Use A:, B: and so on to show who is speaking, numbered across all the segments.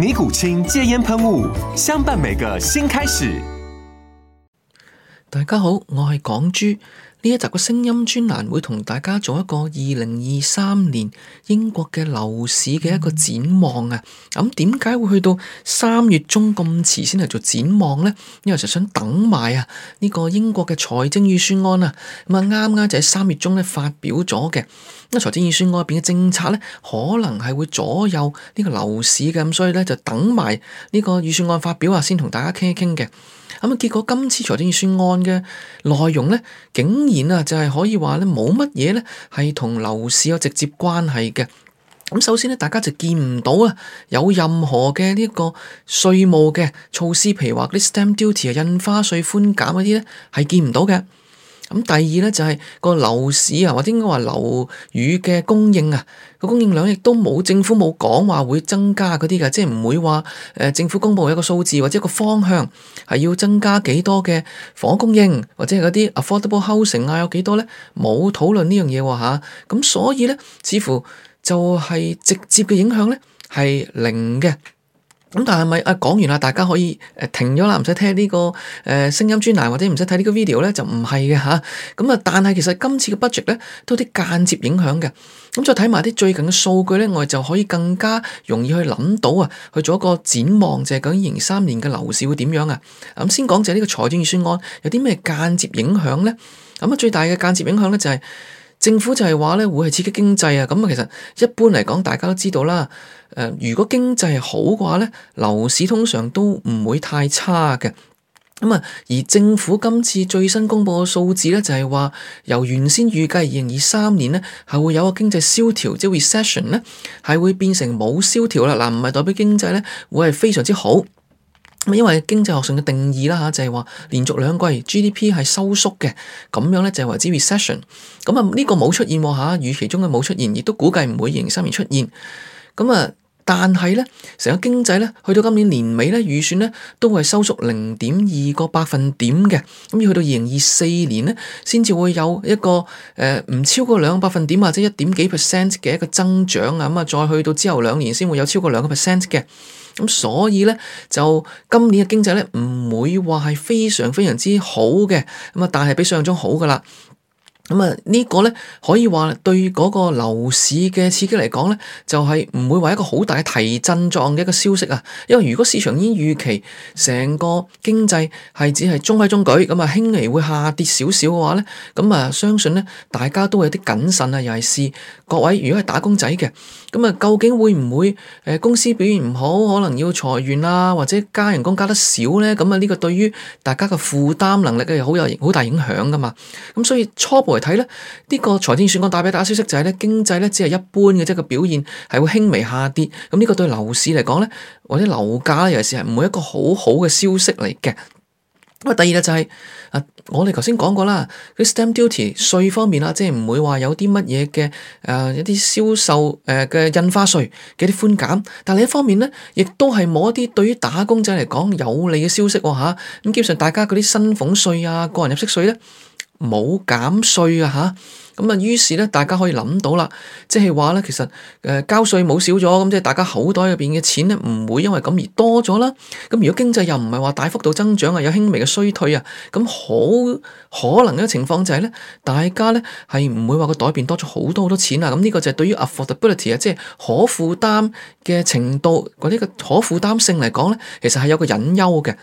A: 尼古清戒煙噴霧，相伴每個新開始。大家好，我係港豬。呢一集嘅聲音專欄會同大家做一個二零二三年英國嘅樓市嘅一個展望啊！咁點解會去到三月中咁遲先嚟做展望呢？因為就想等埋啊呢個英國嘅財政預算案啊，咁啊啱啱就喺三月中咧發表咗嘅。咁啊財政預算案入邊嘅政策咧，可能係會左右呢個樓市嘅，咁所以咧就等埋呢個預算案發表啊先同大家傾一傾嘅。咁啊，結果今次財政預算案嘅內容咧，竟然啊就係可以話咧冇乜嘢咧，係同樓市有直接關係嘅。咁首先咧，大家就見唔到啊有任何嘅呢一個稅務嘅措施，譬如話啲 Stamp Duty 啊、印花稅寬減嗰啲咧，係見唔到嘅。咁第二咧就係、是、個樓市啊，或者應該話樓宇嘅供應啊，個供應量亦都冇政府冇講話會增加嗰啲嘅，即係唔會話誒、呃、政府公布一個數字或者一個方向係要增加幾多嘅房屋供應，或者係嗰啲 affordable housing 啊有幾多咧，冇討論呢樣嘢吓，咁、啊、所以咧似乎就係直接嘅影響咧係零嘅。咁但係咪啊講完啦，大家可以誒停咗啦，唔使聽呢個誒聲音專欄或者唔使睇呢個 video 咧，就唔係嘅吓。咁啊，但係其實今次嘅 budget 咧，都有啲間接影響嘅。咁再睇埋啲最近嘅數據咧，我哋就可以更加容易去諗到啊，去做一個展望就係究竟二三年嘅樓市會點樣啊。咁先講就係呢個財政預算案有啲咩間接影響咧。咁啊，最大嘅間接影響咧就係。政府就係話咧，會係刺激經濟啊！咁啊，其實一般嚟講，大家都知道啦。誒，如果經濟好嘅話咧，樓市通常都唔會太差嘅。咁啊，而政府今次最新公佈嘅數字咧，就係話由原先預計二零二三年咧係會有個經濟蕭條，即係 recession 咧係會變成冇蕭條啦。嗱，唔係代表經濟咧會係非常之好。因為經濟學上嘅定義啦嚇，就係話連續兩季 GDP 係收縮嘅，咁樣咧就係為之 recession。咁啊，呢個冇出現喎嚇，預期中嘅冇出現，亦都估計唔會喺二零二三出現。咁啊，但係咧成個經濟咧去到今年年尾咧預算咧都會係收縮零點二個百分點嘅。咁要去到二零二四年咧先至會有一個誒唔、呃、超過兩百分點或者一點幾 percent 嘅一個增長啊。咁啊，再去到之後兩年先會有超過兩個 percent 嘅。咁所以咧，就今年嘅經濟咧，唔會話係非常非常之好嘅。咁啊，但係比想象中好噶啦。咁、嗯、啊，這個、呢個咧可以話對嗰個樓市嘅刺激嚟講咧，就係、是、唔會話一個好大嘅提振狀嘅一個消息啊。因為如果市場已經預期成個經濟係只係中規中矩，咁啊，輕微會下跌少少嘅話咧，咁、嗯、啊，相信咧，大家都會有啲謹慎啊，尤其係各位，如果係打工仔嘅。咁啊，究竟會唔會誒公司表現唔好，可能要裁員啊，或者加人工加得少咧？咁啊，呢個對於大家嘅負擔能力咧，好有好大影響噶嘛。咁所以初步嚟睇咧，呢、呢個財政預算案帶俾大家消息就係咧，經濟咧只係一般嘅，即係個表現係會輕微下跌。咁呢個對樓市嚟講咧，或者樓價咧，尤其係唔會一個好好嘅消息嚟嘅。咁啊，第二嘅就係、是、啊，我哋頭先講過啦，佢 stamp duty 稅方面啦，即係唔會話有啲乜嘢嘅誒，一啲銷售誒嘅、呃、印花稅嘅啲寬減，但係另一方面咧，亦都係冇一啲對於打工仔嚟講有利嘅消息吓、哦、咁、啊、基本上大家嗰啲薪俸稅啊、個人入息稅咧冇減稅啊吓。咁啊，於是咧，大家可以諗到啦，即係話咧，其實誒交稅冇少咗，咁即係大家口袋入邊嘅錢咧，唔會因為咁而多咗啦。咁如果經濟又唔係話大幅度增長啊，有輕微嘅衰退啊，咁好可能嘅情況就係咧，大家咧係唔會話個袋入邊多咗好多好多錢啦。咁呢個就係對於 affordability 啊，即係可負擔嘅程度嗰啲嘅可負擔性嚟講咧，其實係有個隱憂嘅。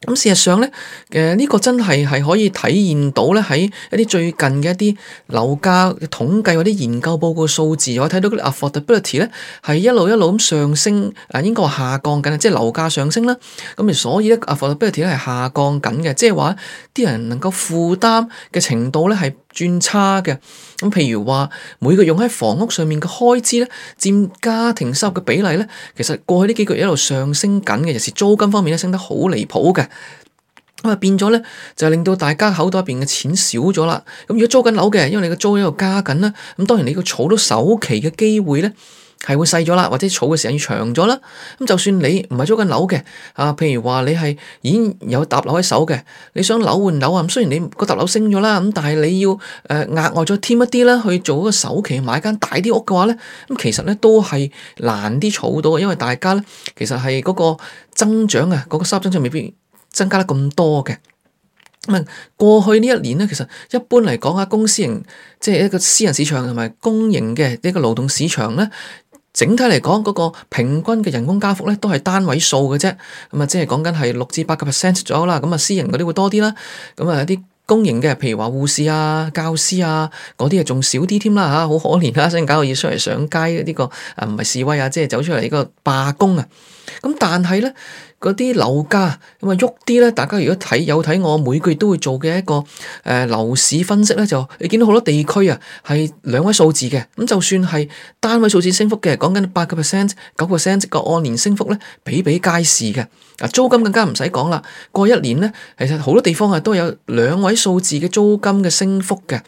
A: 咁事實上咧，誒、這、呢個真係係可以體現到咧喺一啲最近嘅一啲樓價統計或者研究報告數字，我睇到啲 affordability 咧係一路一路咁上升，啊應該話下降緊啦，即係樓價上升啦。咁而所以咧 affordability 係下降緊嘅，即係話啲人能夠負擔嘅程度咧係，轉差嘅，咁譬如話每個月用喺房屋上面嘅開支咧，佔家庭收入嘅比例咧，其實過去呢幾個月一路上升緊嘅，尤其是租金方面咧升得好離譜嘅，咁啊變咗咧就令到大家口袋入邊嘅錢少咗啦。咁如果租緊樓嘅，因為你個租一路加緊啦，咁當然你要儲到首期嘅機會咧係會細咗啦，或者儲嘅時間要長咗啦。咁就算你唔係租緊樓嘅，啊，譬如話你係已經有搭樓喺手嘅，你想樓換樓啊。雖然你、嗰個搭樓升咗啦，咁但係你要誒額、呃、額外再添一啲啦，去做嗰個首期買間大啲屋嘅話咧，咁其實咧都係難啲儲到嘅，因為大家咧其實係嗰個增長啊，嗰、嗰個收入增長未必增加得咁多嘅。咁啊，過去呢一年咧，其實一般嚟講啊，公私營即係一個私人市場同埋公營嘅一個勞動市場咧。整體嚟講，嗰、嗰個平均嘅人工加幅咧，都係單位數嘅啫。咁啊，即係講緊係六至八個 percent 左右啦。咁啊，私人嗰啲會多啲啦。咁啊，一啲公營嘅，譬如話護士啊、教師啊，嗰啲嘢仲少啲添啦嚇，好可憐、這個、啊！所以搞到要出嚟上街呢個啊，唔係示威啊，即係走出嚟呢個罷工啊。咁但係咧。嗰啲樓價咁啊，喐啲咧，大家如果睇有睇我每個月都會做嘅一個誒、呃、樓市分析咧，就你見到好多地區啊，係兩位數字嘅，咁就算係單位數字升幅嘅，講緊八個 percent、九個 percent 嘅按年升幅咧，比比皆是嘅。啊，租金更加唔使講啦，過一年咧，其實好多地方啊都有兩位數字嘅租金嘅升幅嘅。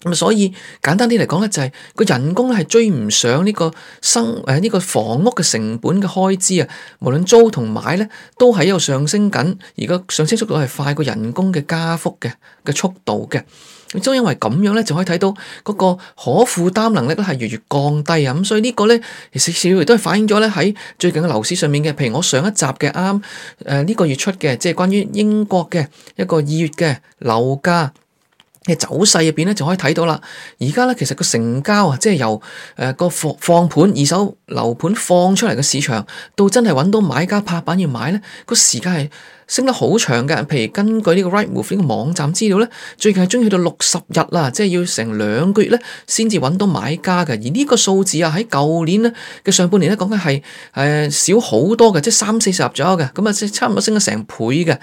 A: 咁所以簡單啲嚟講咧，就係、是、個人工咧係追唔上呢個生誒呢個房屋嘅成本嘅開支啊，無論租同買咧，都喺度上升緊。而家上升速度係快過人工嘅加幅嘅嘅速度嘅。咁都因為咁樣咧，就可以睇到嗰、那個可負擔能力都係越嚟越降低啊。咁所以個呢個咧，其實少少亦都係反映咗咧喺最近嘅樓市上面嘅。譬如我上一集嘅啱誒呢個月出嘅，即、就、係、是、關於英國嘅一個二月嘅樓價，走勢入邊咧，就可以睇到啦。而家咧，其實個成交啊，即係由誒個、呃、放放盤二手樓盤放出嚟嘅市場，到真係揾到買家拍板要買咧，個時間係升得好長嘅。譬如根據呢個 Rightmove 呢個網站資料咧，最近係終於去到六十日啦，即係要成兩個月咧，先至揾到買家嘅。而呢個數字啊，喺舊年咧嘅上半年咧講緊係誒少好多嘅，即係三四十日左右嘅，咁啊即係差唔多升咗成倍嘅。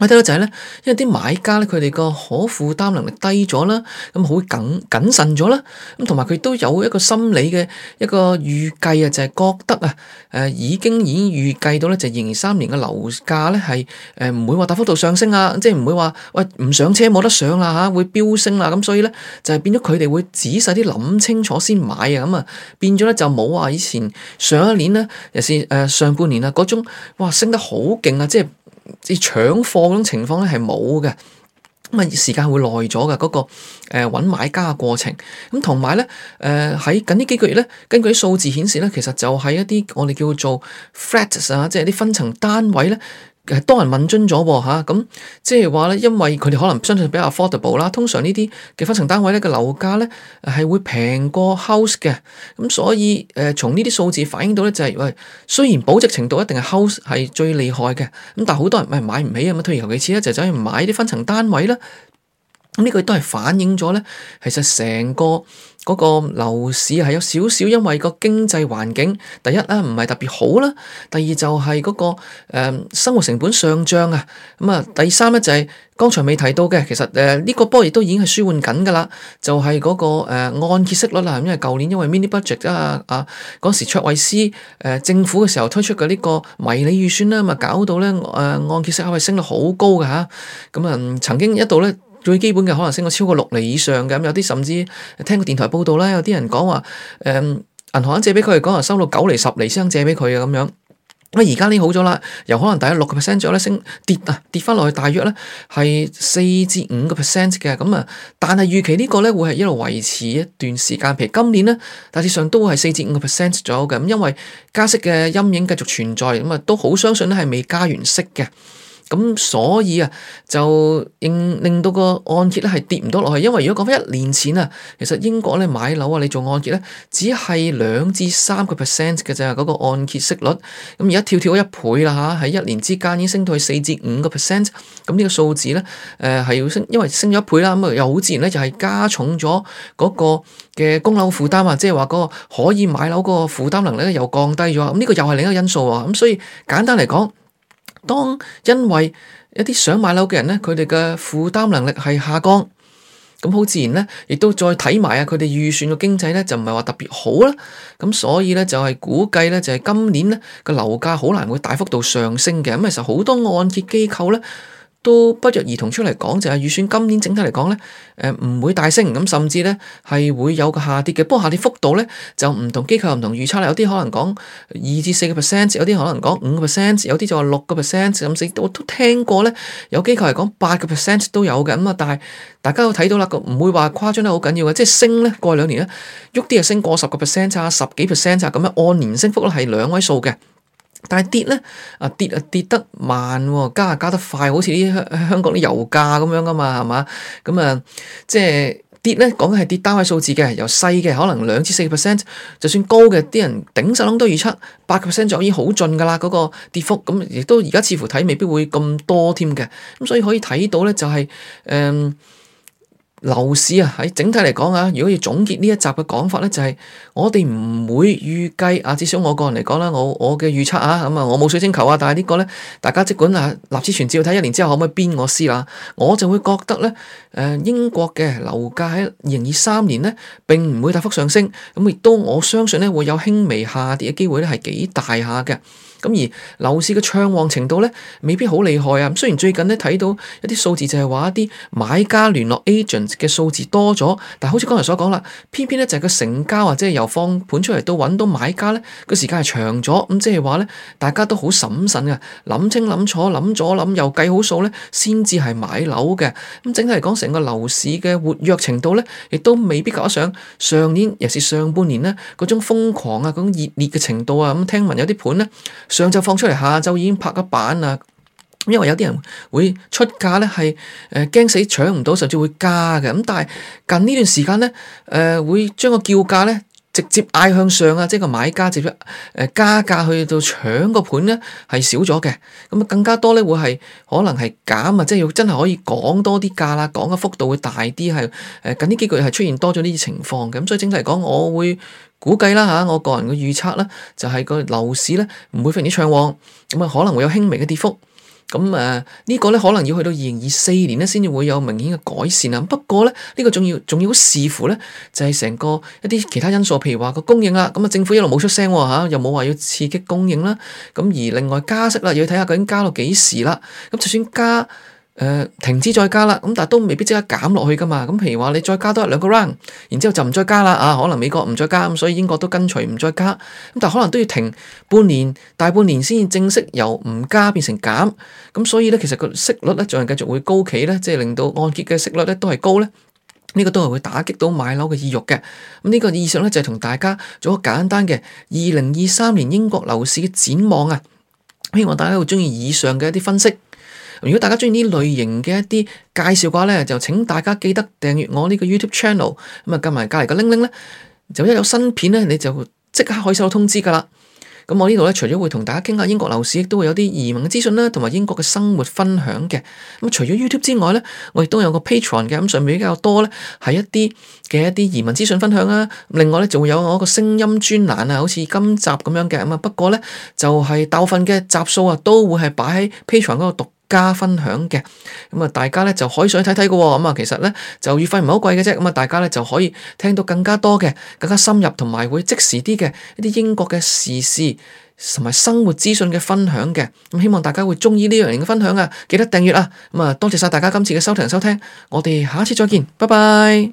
A: 咪得咯，就係咧，因為啲買家咧，佢哋個可負擔能力低咗啦，咁好謹謹慎咗啦，咁同埋佢都有一個心理嘅一個預計啊，就係覺得啊，誒已經已經預計到咧，就二三年嘅樓價咧係誒唔會話大幅度上升啊，即係唔會話喂唔上車冇得上啦嚇，會飆升啦，咁所以咧就係變咗佢哋會仔細啲諗清楚先買啊，咁啊變咗咧就冇話以前上一年咧，尤其係誒上半年啊嗰種哇升得好勁啊，即係。即搶貨嗰種情況咧係冇嘅，咁啊時間會耐咗嘅嗰個誒揾、呃、買家嘅過程，咁同埋咧誒喺近呢幾，幾個月咧，根據啲數字顯示咧，其實就係一啲我哋叫做 flats 啊，即係啲分層單位咧。係多人問津咗喎，咁即係話咧，啊就是、因為佢哋可能相對比較 affordable 啦，通常呢啲嘅分層單位咧嘅樓價咧係會平過 house 嘅，咁、啊、所以誒、呃、從呢啲數字反映到咧就係、是、喂，雖然保值程度一定係 house 係最厲害嘅，咁但係好多人咪買唔起咁啊，退而求其次咧就走去買啲分層單位啦，咁呢個亦都係反映咗咧，其實成個。嗰個樓市係有少少，因為個經濟環境，第一咧唔係特別好啦，第二就係嗰、那個誒、呃、生活成本上漲啊，咁、嗯、啊，第三咧就係、是、剛才未提到嘅，其實誒呢、呃這個波亦都已經係舒緩緊噶啦，就係、是、嗰、那個誒、呃、按揭息率啦，因為舊年因為 mini budget 啊啊嗰時卓慧思誒、呃、政府嘅時候推出嘅呢個迷你預算啦，咁、嗯、啊搞到咧誒、呃、按揭息係升到好高嘅吓。咁啊、嗯、曾經一度咧。最基本嘅可能升過超過六厘以上嘅，咁有啲甚至聽個電台報道咧，有啲人講話，誒、嗯、銀行咧借俾佢，講話收到九厘、十厘先肯借俾佢嘅咁樣。咁而家呢好咗啦，由可能第一六個 percent 左右升跌啊，跌翻落去大約咧係四至五個 percent 嘅咁啊。但係預期個呢個咧會係一路維持一段時間，譬如今年咧大致上都係四至五個 percent 左右嘅，咁因為加息嘅陰影繼續存在，咁啊都好相信咧係未加完息嘅。咁所以啊，就令令到個按揭咧係跌唔到落去，因為如果講翻一年前啊，其實英國咧買樓啊，你做按揭咧，只係兩至三個 percent 嘅咋。嗰個按揭息率。咁而家跳跳一倍啦嚇，喺一年之間已經升到去四至五個 percent。咁呢個數字咧，誒、呃、係要升，因為升咗一倍啦，咁又好自然咧，就係加重咗嗰個嘅供樓負擔啊，即係話嗰個可以買樓嗰個負擔能力又降低咗。咁呢個又係另一個因素啊。咁所以簡單嚟講。當因為一啲想買樓嘅人咧，佢哋嘅負擔能力係下降，咁好自然咧，亦都再睇埋啊佢哋預算嘅經濟咧就唔係話特別好啦，咁所以咧就係估計咧就係今年咧個樓價好難會大幅度上升嘅，咁其實好多按揭機構咧。都不約而同出嚟講，就係、是、預算今年整體嚟講咧，誒、呃、唔會大升，咁甚至咧係會有個下跌嘅。不過下跌幅度咧就唔同機構唔同預測啦，有啲可能講二至四個 percent，有啲可能講五個 percent，有啲就話六個 percent。甚至我都聽過咧，有機構係講八個 percent 都有嘅。咁啊，但係大家都睇到啦，佢唔會話誇張得好緊要嘅，即係升咧過兩年咧，喐啲嘢升過十個 percent 啊，十幾 percent 啊，咁樣按年升幅咧係兩位數嘅。但係跌咧，啊跌啊跌得慢、啊，加啊加得快，好似啲香港啲油價咁樣噶嘛，係嘛？咁啊，即係跌咧，講緊係跌單位數字嘅，由細嘅可能兩至四個 percent，就算高嘅啲人頂曬籠都預測八個 percent 左右已經好盡噶啦，嗰、那個跌幅，咁、嗯、亦都而家似乎睇未必會咁多添嘅，咁、嗯、所以可以睇到咧，就係、是、誒。嗯樓市啊，喺整體嚟講啊，如果要總結呢一集嘅講法咧，就係、是、我哋唔會預計啊，至少我個人嚟講啦，我我嘅預測啊，咁啊，我冇水晶球啊，但係呢、這個咧，大家即管啊，立此存照睇一年之後可唔可以鞭我屍啦？我就會覺得咧，誒、呃、英國嘅樓價喺二零二三年咧並唔會大幅上升，咁亦都我相信咧會有輕微下跌嘅機會咧，係幾大下嘅，咁而樓市嘅暢旺程度咧未必好厲害啊。雖然最近咧睇到一啲數字就係話一啲買家聯絡 agent。嘅數字多咗，但係好似剛才所講啦，偏偏咧就係個成交啊，即係由放盤出嚟到揾到買家咧，個時間係長咗，咁即係話咧，大家都好審慎嘅，諗清諗楚，諗咗諗又計好數咧，先至係買樓嘅。咁整體嚟講，成個樓市嘅活躍程度咧，亦都未必及得上上年，尤其上半年咧嗰種瘋狂啊，嗰種熱烈嘅程度啊。咁聽聞有啲盤咧，上晝放出嚟，下晝已經拍咗板啦。因為有啲人會出價咧，係誒驚死搶唔到，甚至會加嘅。咁但係近呢段時間咧，誒、呃、會將個叫價咧直接嗌向上啊，即係個買家直接誒加價去到搶個盤咧，係少咗嘅。咁啊，更加多咧會係可能係減啊，即係要真係可以講多啲價啦，講嘅幅度會大啲係誒。近呢幾個月係出現多咗呢啲情況嘅。咁所以整體嚟講，我會估計啦嚇，我個人嘅預測咧，就係個樓市咧唔會非常之暢旺，咁啊可能會有輕微嘅跌幅。咁誒呢個咧可能要去到二零二四年咧先至會有明顯嘅改善啦。不過咧呢、呢個仲要仲要視乎咧就係、係、成個一啲其他因素，譬如話個供應啦。咁啊政府一路冇出聲嚇，又冇話要刺激供應啦。咁而另外加息啦，又要睇下究竟加到幾時啦。咁就算加，誒、呃、停止再加啦，咁但係都未必即刻減落去㗎嘛。咁譬如話你再加多一兩個 round，然之後就唔再加啦。啊，可能美國唔再加，咁所以英國都跟隨唔再加。咁但係可能都要停半年、大半年先正式由唔加變成減。咁所以咧，其實個息率咧仲係繼續會高企咧，即係令到按揭嘅息率咧都係高咧。呢、這個都係會打擊到買樓嘅意欲嘅。咁、嗯這個、呢個意想咧就係、是、同大家做一個簡單嘅二零二三年英國樓市嘅展望啊。希望大家會中意以上嘅一啲分析。如果大家鍾意呢類型嘅一啲介紹嘅話呢，就請大家記得訂閱我呢個 YouTube channel，咁啊，撳埋隔離個鈴鈴咧，就一有新片咧，你就即刻可以收到通知噶啦。咁我呢度咧，除咗會同大家傾下英國樓市，亦都會有啲移民嘅資訊啦，同埋英國嘅生活分享嘅。咁除咗 YouTube 之外咧，我亦都有個 Patreon 嘅，咁上面比較多咧，係一啲嘅一啲移民資訊分享啦。另外咧，就會有我個聲音專欄啊，好似今集咁樣嘅咁啊。不過咧，就係大部分嘅集數啊，都會係擺喺 Patreon 嗰度讀。加分享嘅，咁啊大家咧就可以上去睇睇嘅，咁啊其實咧就月費唔係好貴嘅啫，咁啊大家咧就可以聽到更加多嘅，更加深入同埋會即時啲嘅一啲英國嘅時事同埋生活資訊嘅分享嘅，咁希望大家會鍾意呢樣嘢嘅分享啊，記得訂閱啊，咁啊多謝晒大家今次嘅收聽收聽，我哋下一次再見，拜拜。